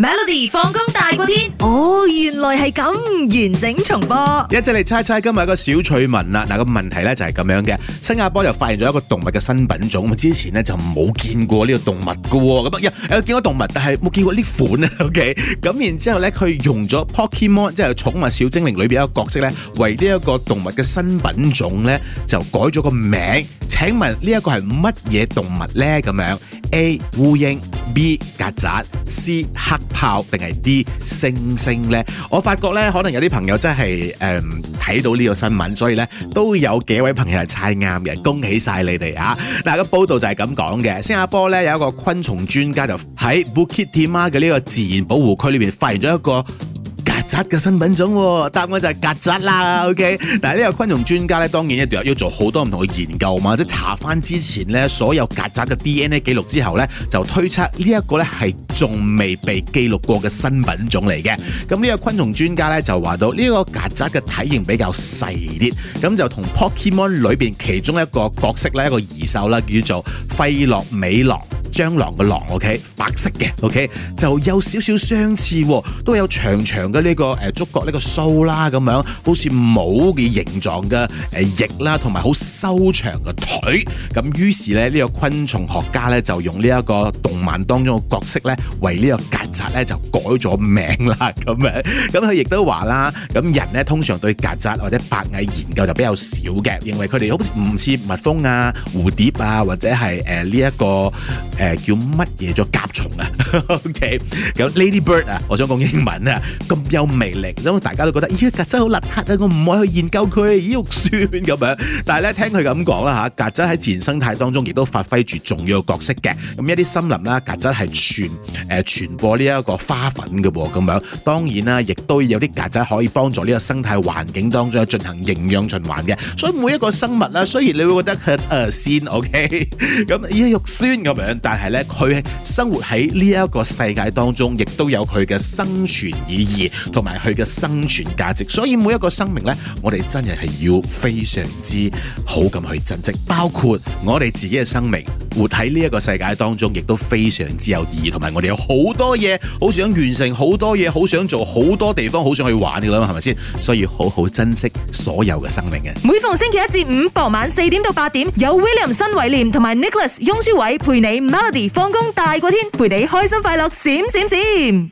Melody 放工大過天，哦，原來係咁，完整重播。一齊你猜猜今日有個小趣聞啦。嗱，個問題咧，就係咁樣嘅，新加坡又發現咗一個動物嘅新品種，咁之前咧就冇見過呢個動物嘅，咁有，有見過動物，但係冇見過呢款啊。OK，咁然之後咧，佢用咗 Pokemon，即係寵物小精靈裏邊一個角色咧，為呢一個動物嘅新品種咧，就改咗個名。請問呢一個係乜嘢動物咧？咁樣 A 烏蠅。B 曱甴，C 黑豹定係 D 星星呢？我發覺呢，可能有啲朋友真係誒睇到呢個新聞，所以呢，都有幾位朋友係猜啱嘅，恭喜晒你哋啊！嗱，呃，個報導就係咁講嘅，新加坡呢，有一個昆蟲專家就喺 Bukit Timah 嘅呢個自然保護區裏面發現咗一個曱甴嘅新品種喎、啊，答案就係曱甴啦。OK，嗱呢個昆蟲專家咧，當然一定要做好多唔同嘅研究嘛，即係查翻之前咧所有曱甴嘅 DNA 記錄之後咧，就推測呢一個咧係仲未被記錄過嘅新品種嚟嘅。咁、嗯、呢、這個昆蟲專家咧就話到呢個曱甴嘅體型比較細啲，咁就同 Pokemon 裏邊其中一個角色咧一個異獸啦，叫做費洛美螂。蟑螂嘅螂，OK，白色嘅，OK，就有少少相似，都有長長嘅呢個誒觸角、呢個須啦，咁樣好似帽嘅形狀嘅誒翼啦，同埋好修長嘅腿。咁於是咧，呢個昆蟲學家咧就用呢一個動漫當中嘅角色咧，為呢個曱甴咧就改咗名啦，咁樣。咁佢亦都話啦，咁人咧通常對曱甴或者白蟻研究就比較少嘅，認為佢哋好似唔似蜜蜂啊、蝴蝶啊，或者係誒呢一個。誒叫乜嘢做甲蟲啊 ？OK，咁 Ladybird 啊，我想講英文啊，咁有魅力，因為大家都覺得，咦、欸，曱甴好邋遢啊，我唔可以去研究佢、啊，咦，肉酸咁、啊、樣。但係咧，聽佢咁講啦吓，曱甴喺自然生態當中亦都發揮住重要角色嘅。咁一啲森林啦，曱甴係傳誒傳播呢一個花粉嘅喎、哦，咁樣。當然啦、啊，亦都有啲曱甴可以幫助呢個生態環境當中進行營養循環嘅。所以每一個生物啦，雖然你會覺得佢誒酸 OK，咁 咦肉酸咁、啊、樣，但係咧，佢生活喺呢一個世界當中，亦都有佢嘅生存意義同埋佢嘅生存價值。所以每一個生命呢，我哋真係係要非常之好咁去珍惜，包括我哋自己嘅生命。活喺呢一個世界當中，亦都非常之有意義，同埋我哋有好多嘢，好想完成好多嘢，好想做好多地方，好想去玩嘅啦，係咪先？所以要好好珍惜所有嘅生命嘅。每逢星期一至五傍晚四點到八點，有 William 新偉廉同埋 Nicholas 雍舒偉陪你，Melody 放工大過天陪你開心快樂閃閃閃。閃閃閃。